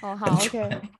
哦，好 OK。